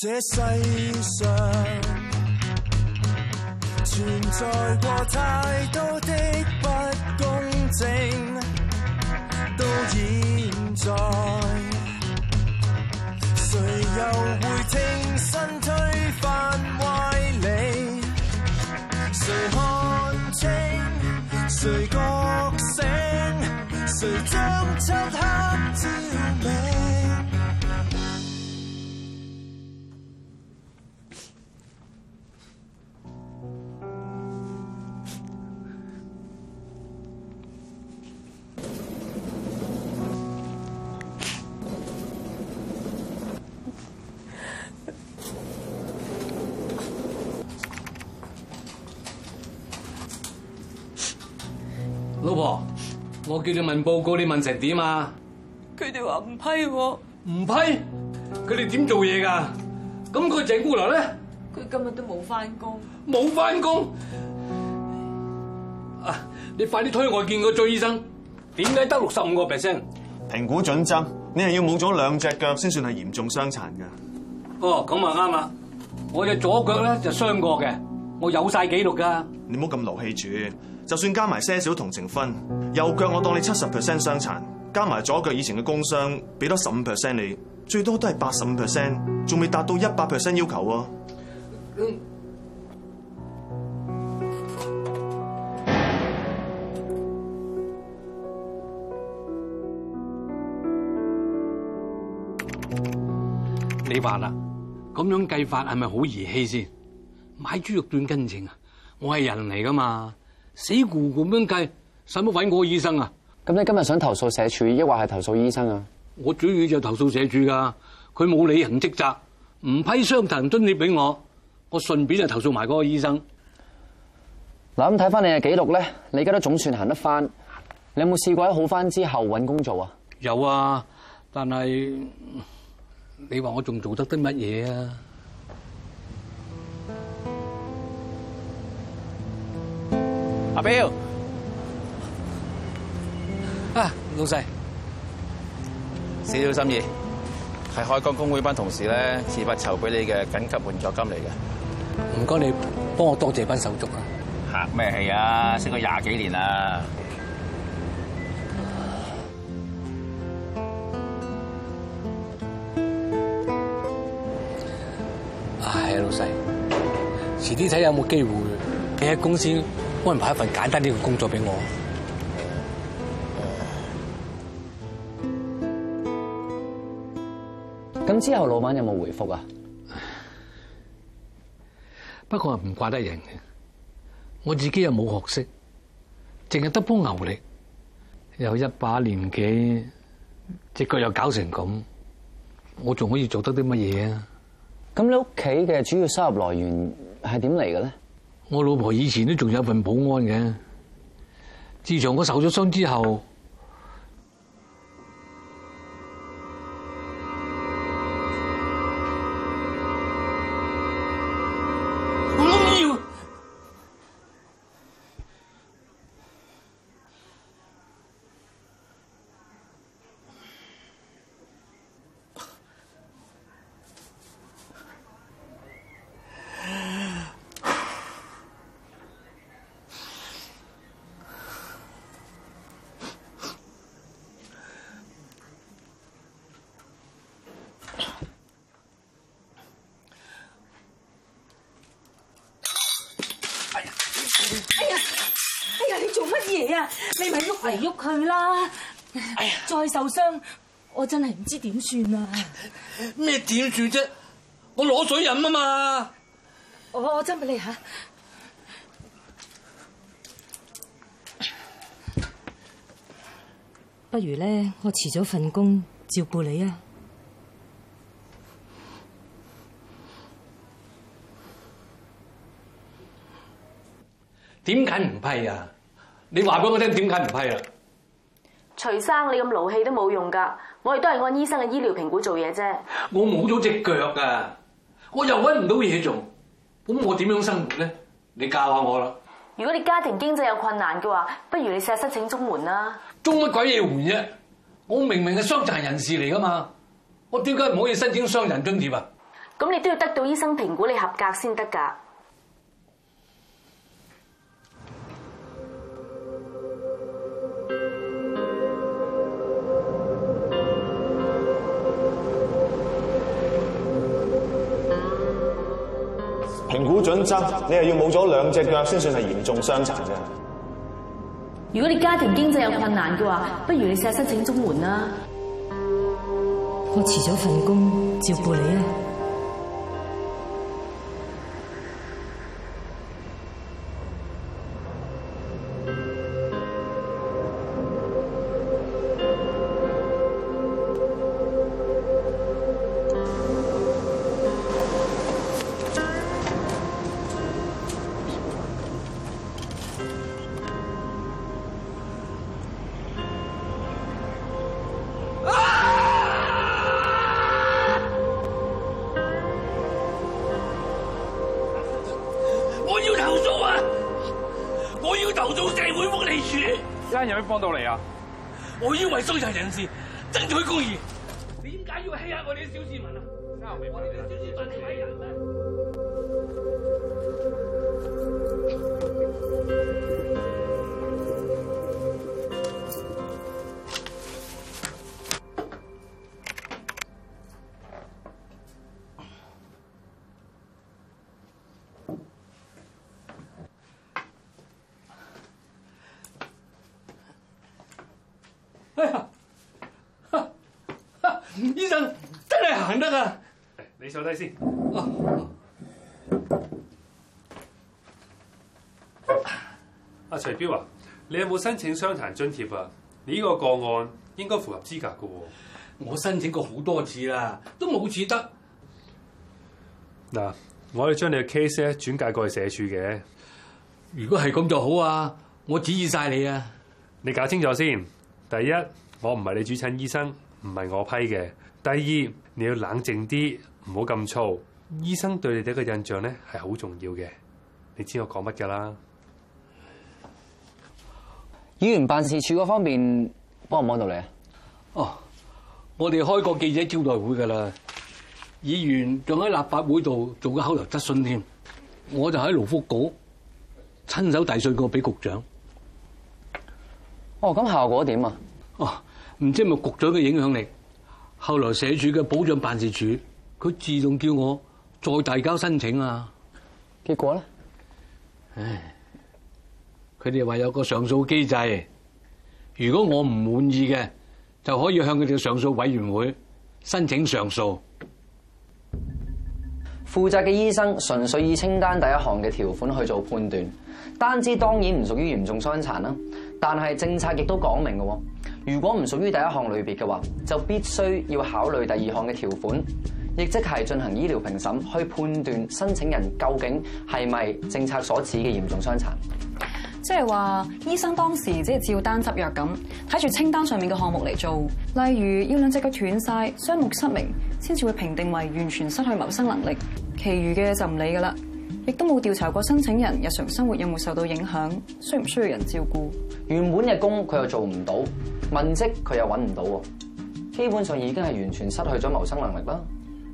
這世上存在過太多的不公正，到現在，誰又會挺身推翻歪理？誰看清？誰覺醒？誰將漆黑照明？我叫你問報告，你問成點啊？佢哋話唔批喎，唔批？佢哋點做嘢噶？咁個鄭姑娘咧？佢今日都冇翻工，冇翻工。啊！你快啲推我去見個崔醫生。點解得六十五個 percent？評估準則，你係要冇咗兩隻腳先算係嚴重傷殘噶。哦，咁啊啱啊！我隻左腳咧就傷過嘅，我有晒記錄噶。你唔好咁勞氣住。就算加埋些少同情分，右腳我當你七十 percent 傷殘，加埋左腳以前嘅工傷，俾多十五 percent 你，最多都係八十五 percent，仲未達到一百 percent 要求啊。你話啦，咁樣計法係咪好兒戲先？買豬肉斷斤秤啊！我係人嚟㗎嘛。死固，咁樣計，使乜揾嗰個醫生啊？咁你今日想投訴社署，抑或係投訴醫生啊？我主要就投訴社署噶，佢冇履行職責，唔批傷殘津貼俾我，我順便就投訴埋嗰個醫生。嗱，咁睇翻你嘅記錄咧，你而家都總算行得翻，你有冇試過喺好翻之後揾工做啊？有啊，但係你話我仲做得啲乜嘢啊？阿標，啊，老細，少少心意，係海港工會班同事咧，自發籌俾你嘅緊急援助金嚟嘅。唔該，你幫我多謝班手足啊！吓，客咩氣啊？識咗廿幾年啦。唉，老細，遲啲睇有冇機會你喺公司，安排一份簡單啲嘅工作俾我。咁之後，老闆有冇回覆啊？ 不過唔怪得人，我自己又冇學識，淨係得把牛力，又一把年紀，隻腳又搞成咁，我仲可以做得啲乜嘢啊？咁你屋企嘅主要收入來源係點嚟嘅咧？我老婆以前都仲有份保安嘅，自從我受咗傷之後。哎呀，哎呀，你做乜嘢啊？你咪喐嚟喐去啦！哎呀，再受傷，我真係唔知點算啦。咩點算啫？我攞水飲啊嘛。我我斟俾你吓。不如咧，我辭咗份工照顧你啊。點解唔批啊？你話俾我聽點解唔批啊？徐生，你咁勞氣都冇用噶，我哋都係按醫生嘅醫療評估做嘢啫。我冇咗隻腳噶！我又搵唔到嘢做，咁我點樣生活咧？你教下我啦。如果你家庭經濟有困難嘅話，不如你試下申請綜援啦。綜乜鬼嘢援啫？我明明係傷殘人士嚟噶嘛，我點解唔可以申請傷人津貼啊？咁你都要得到醫生評估你合格先得噶。唔估準則，你係要冇咗兩隻腳先算係嚴重傷殘啫。如果你家庭經濟有困難嘅話，不如你試下申請綜援啦。我辭咗份工照顧你啊。幫到你啊！我要為傷殘人士爭取公義。點解要欺壓我哋啲小市民啊？我哋啲小市民唔係人咩？ 坐低先。阿、啊、徐標啊，你有冇申請傷殘津貼啊？你呢個個案應該符合資格噶、哦。我申請過好多次啦，都冇似得。嗱、啊，我要將你嘅 case 咧轉介過去社署嘅。如果係咁就好啊！我指意晒你啊！你搞清楚先。第一，我唔係你主診醫生，唔係我批嘅。第二，你要冷靜啲。唔好咁粗，醫生對你哋嘅印象咧係好重要嘅。你知我講乜噶啦？議員辦事處嗰方面幫唔幫到你啊？哦，我哋開過記者招待會噶啦。議員仲喺立法會度做個口頭質詢添，我就喺勞福局親手遞信過俾局長。哦，咁效果點啊？哦，唔知係咪局長嘅影響力。後來社署嘅保障辦事處。佢自動叫我再遞交申請啊！結果呢，唉，佢哋話有個上訴機制，如果我唔滿意嘅，就可以向佢哋上訴委員會申請上訴。負責嘅醫生純粹以清單第一項嘅條款去做判斷，單肢當然唔屬於嚴重傷殘啦。但係政策亦都講明嘅喎，如果唔屬於第一項類別嘅話，就必須要考慮第二項嘅條款。亦即係進行醫療評審，去判斷申請人究竟係咪政策所指嘅嚴重傷殘。即係話，醫生當時即係照單執藥咁，睇住清單上面嘅項目嚟做。例如要兩隻腳斷晒、雙目失明，先至會評定為完全失去謀生能力。其餘嘅就唔理噶啦。亦都冇調查過申請人日常生活有冇受到影響，需唔需要人照顧。原本嘅工佢又做唔到，文職佢又搵唔到，基本上已經係完全失去咗謀生能力啦。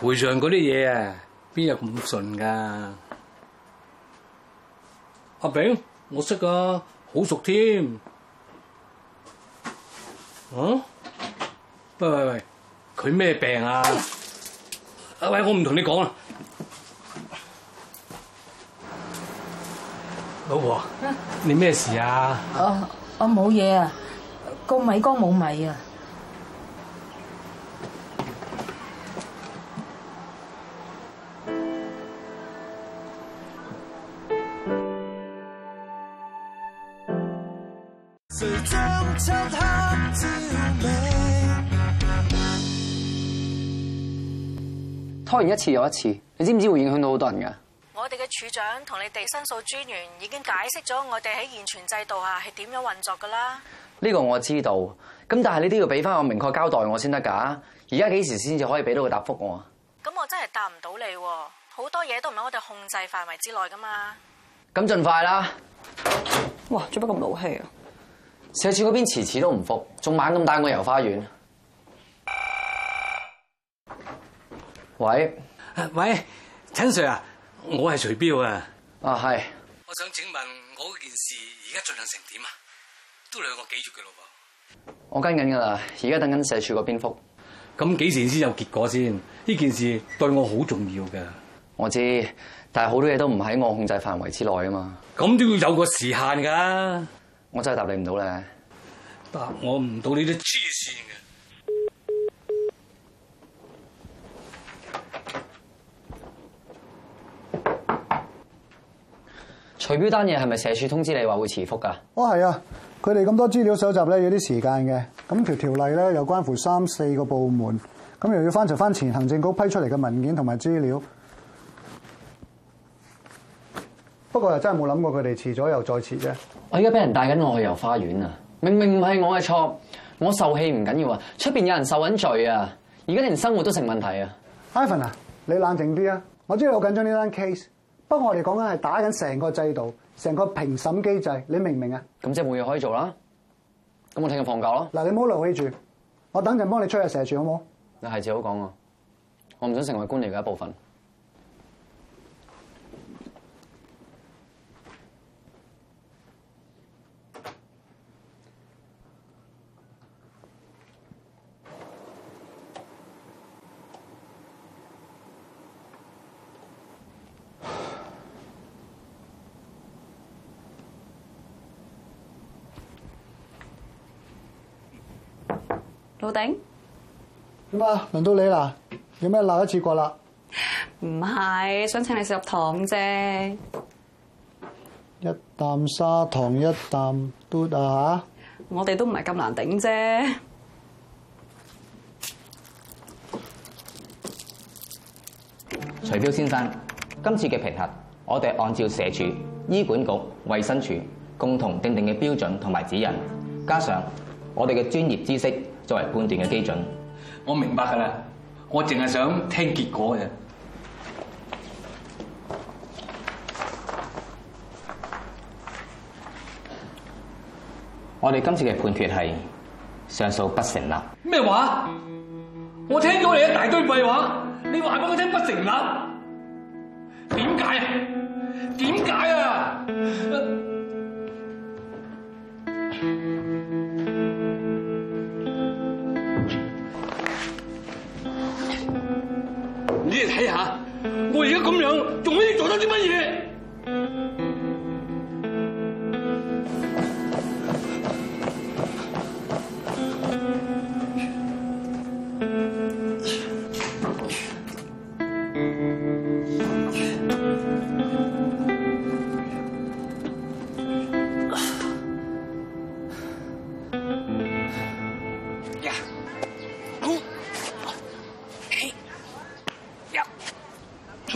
賠償嗰啲嘢啊，邊有咁順㗎？阿炳，我識啊，好熟添。啊？喂喂喂，佢咩病啊？阿偉，我唔同你講啦。老婆，啊、你咩事啊？我我冇嘢啊，個米缸冇米啊。拖延一次又一次，你知唔知會影響到好多人㗎？我哋嘅署長同你哋申訴專員已經解釋咗我哋喺現存制度下係點樣運作㗎啦。呢個我知道，咁但係你都要俾翻我明確交代我先得㗎。而家幾時先至可以俾到個答覆我啊？咁我真係答唔到你喎，好多嘢都唔喺我哋控制範圍之內㗎嘛。咁盡快啦！哇，做乜咁老氣啊？社署嗰邊遲遲都唔覆，仲猛咁帶我遊花園。喂，喂，陳 Sir 啊，我係徐標啊，啊係，我想請問嗰件事而家進行成點啊？都兩個幾月嘅嘞噃。我跟緊噶啦，而家等緊社署嗰邊覆咁幾時先有結果先？呢件事對我好重要噶我知，但係好多嘢都唔喺我控制範圍之內啊嘛。咁都要有個時限噶我真係答你唔到咧。答我唔到你啲黐線。徐標單嘢係咪社署通知你話會遲覆噶？哦係啊，佢哋咁多資料搜集咧，有啲時間嘅。咁條條例咧，有關乎三四個部門，咁又要翻查翻前行政局批出嚟嘅文件同埋資料。不過又真係冇諗過佢哋遲咗又再遲啫。我而家俾人帶緊我去遊花園啊！明明唔係我嘅錯，我受氣唔緊要啊，出邊有人受緊罪啊！而家連生活都成問題啊！Ivan 啊，van，你冷靜啲啊！我知道好緊張呢單 case。不過我哋講緊係打緊成個制度，成個評審機制，你明唔明啊？咁即係冇嘢可以做啦，咁我聽日放假咯。嗱，你唔好留起住，我等陣幫你出去射住好唔好？你係至好講啊，我唔想成為官僚嘅一部分。頂點啊！輪到你啦，有咩鬧一次過啦？唔係想請你食入糖啫。一啖砂糖，一啖嘟啊！嚇，我哋都唔係咁難頂啫。徐標先生，今次嘅評核，我哋按照社署、醫管局、衛生署共同訂定嘅標準同埋指引，加上我哋嘅專業知識。作為判斷嘅基準，我明白㗎喇，我淨係想聽結果嘅。我哋今次嘅判決係上訴不成立。咩話？我聽到你一大堆廢話，你話俾我聽不成立，點解啊？點解啊？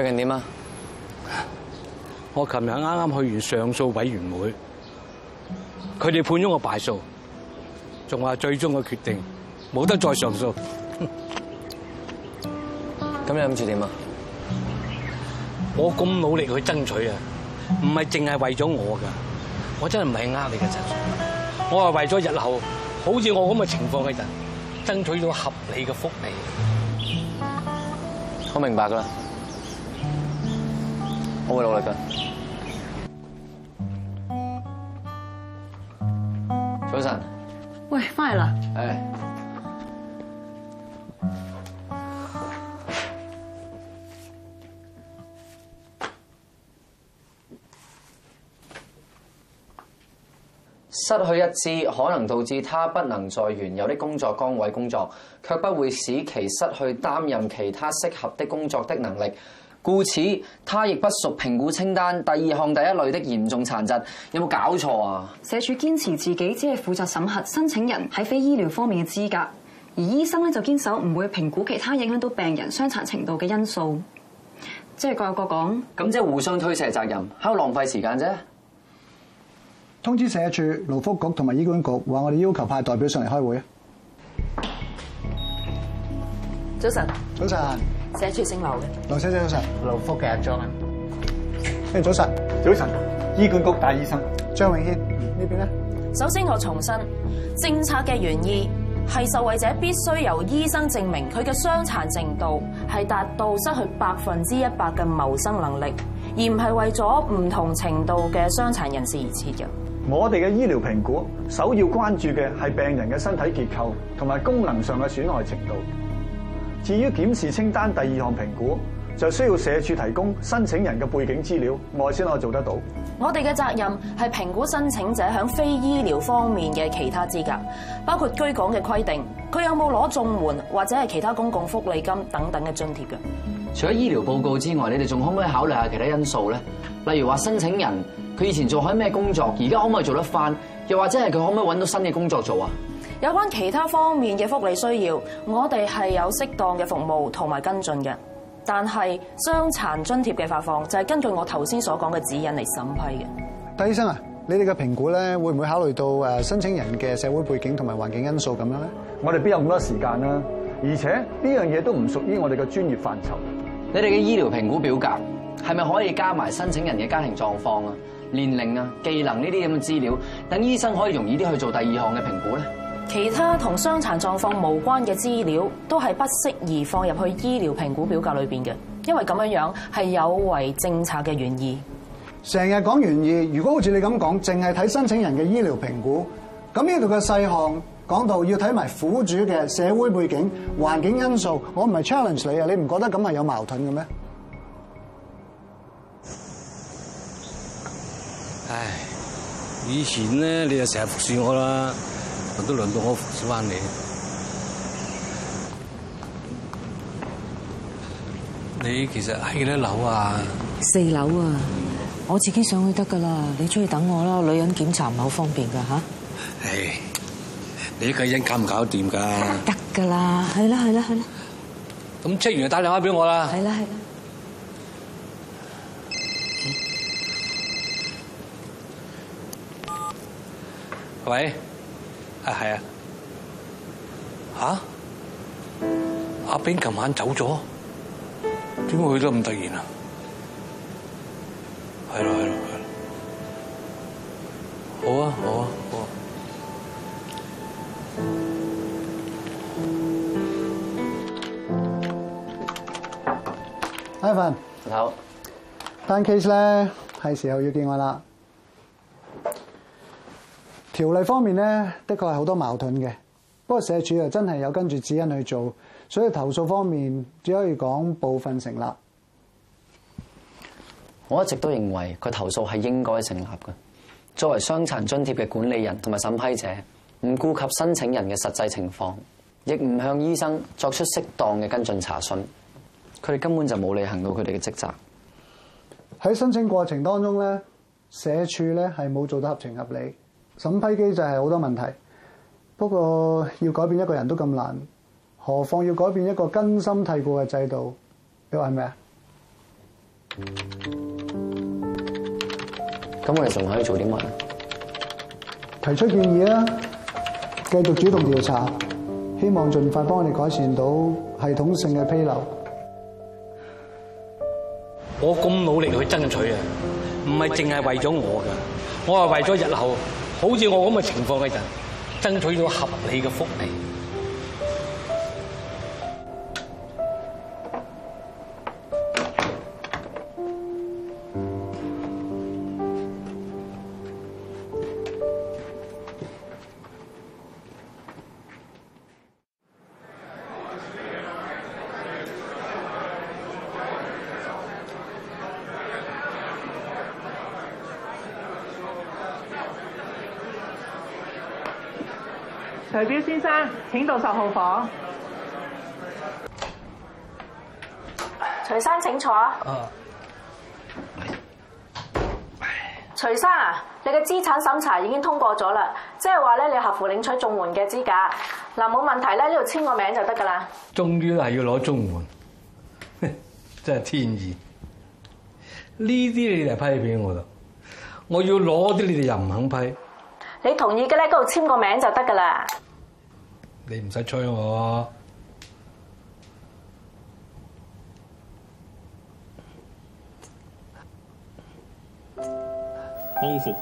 最近點啊？我琴日啱啱去完上訴委員會，佢哋判咗我敗訴，仲話最終嘅決定冇得再上訴。噉你諗住點啊？我咁努力去爭取啊，唔係淨係為咗我噶，我真係唔係呃你嘅陳叔，我係為咗日後好似我咁嘅情況嘅陣，爭取到合理嘅福利。我明白噶啦。.好會努力嘅，早晨。喂，翻嚟啦。哎。 失去一支，可能導致他不能在原有的工作崗位工作，卻不會使其失去擔任其他適合的工作的能力。故此，他亦不屬評估清單第二項第一類的嚴重殘疾，有冇搞錯啊？社署堅持自己只係負責審核申請人喺非醫療方面嘅資格，而醫生咧就堅守唔會評估其他影響到病人傷殘程度嘅因素。即係各有各講，咁即係互相推卸責任，喺度浪費時間啫。通知社署、勞福局同埋醫管局，話我哋要求派代表上嚟開會啊！早晨，早晨。寫出姓劉嘅。劉先生早晨，劉福嘅阿莊。誒，早晨，早晨。醫管局大醫生張永軒，呢邊呢邊咧。首先我重申，政策嘅原意係受惠者必須由醫生證明佢嘅傷殘程度係達到失去百分之一百嘅謀生能力，而唔係為咗唔同程度嘅傷殘人士而設嘅。我哋嘅醫療評估首要關注嘅係病人嘅身體結構同埋功能上嘅損害程度。至於檢視清單第二項評估，就需要社署提供申請人嘅背景資料，我先可以做得到。我哋嘅責任係評估申請者響非醫療方面嘅其他資格，包括居港嘅規定，佢有冇攞綜援或者係其他公共福利金等等嘅津貼嘅。除咗醫療報告之外，你哋仲可唔可以考慮下其他因素咧？例如話申請人佢以前做開咩工作，而家可唔可以做得返？又或者係佢可唔可以揾到新嘅工作做啊？有關其他方面嘅福利需要，我哋係有適當嘅服務同埋跟進嘅。但係傷殘津貼嘅發放就係根據我頭先所講嘅指引嚟審批嘅。但係醫生啊，你哋嘅評估咧，會唔會考慮到誒申請人嘅社會背景同埋環境因素咁樣咧？我哋邊有咁多時間啦？而且呢樣嘢都唔屬於我哋嘅專業範疇。你哋嘅醫療評估表格係咪可以加埋申請人嘅家庭狀況啊、年齡啊、技能呢啲咁嘅資料，等醫生可以容易啲去做第二項嘅評估咧？其他同傷殘狀況無關嘅資料都係不適宜放入去醫療評估表格裏邊嘅，因為咁樣樣係有違政策嘅原意。成日講原意，如果好似你咁講，淨係睇申請人嘅醫療評估，咁呢度嘅細項講到要睇埋苦主嘅社會背景、環境因素，我唔係 challenge 你啊，你唔覺得咁係有矛盾嘅咩？唉，以前咧，你就成日服侍我啦。我都輪到我扶住翻你。你其實喺幾多樓啊？四樓啊，我自己上去得噶啦。你出去等我囉，女人檢查唔係好方便噶嚇。唉，你一個人搞唔搞掂噶？得噶啦，係啦係啦係啦。咁 check 完就打電話俾我啦。係啦係啦。喂？Breakfast、啊，係啊！嚇 ines，阿炳琴晚走咗，點解去得咁突然啊？係咯，係咯，係。好啊，好啊，好啊。阿凡，你好。但 case 咧，係時候要見我啦。條例方面呢，的確係好多矛盾嘅。不過社署又真係有跟住指引去做，所以投訴方面只可以講部分成立。我一直都認為佢投訴係應該成立嘅。作為傷殘津貼嘅管理人同埋審批者，唔顧及申請人嘅實際情況，亦唔向醫生作出適當嘅跟進查詢，佢哋根本就冇履行到佢哋嘅職責。喺申請過程當中呢，社署呢係冇做得合情合理。審批機制係好多問題，不過要改變一個人都咁難，何況要改變一個根深蒂固嘅制度？你話係咩？啊、嗯？咁我哋仲可以做啲乜？提出建議啦，繼續主動調查，希望盡快幫我哋改善到系統性嘅紕漏。我咁努力去爭取啊，唔係淨係為咗我㗎，嗯、我係為咗日後。好似我咁嘅情況嗰陣，爭取到合理嘅福利。代表先生，請到十號房。徐生，請坐。嗯。徐生啊，生你嘅資產審查已經通過咗啦，即係話咧，你合符領取綜援嘅資格。嗱、啊，冇問題咧，呢度簽個名就得噶啦。終於係要攞綜援， 真係天意。呢啲你哋批俾我啦，我要攞啲你哋又唔肯批。你同意嘅咧，度簽個名就得噶啦。你唔使催我。康復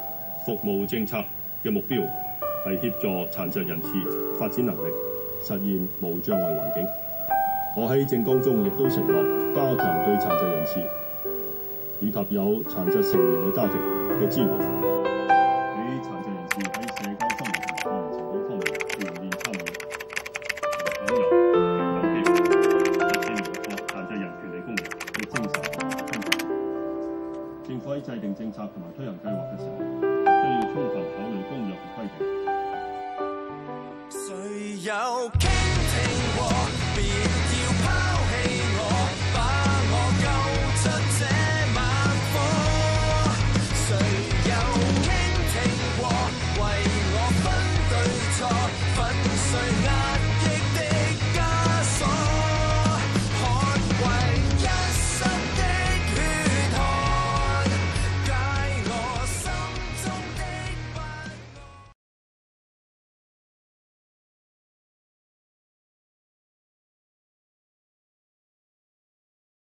服務政策嘅目標係協助殘疾人士發展能力，實現無障礙環境。我喺政綱中亦都承諾加強對殘疾人士以及有殘疾成員嘅家庭嘅支援。同埋推行計劃嘅時候，都要充分考慮公約嘅規定。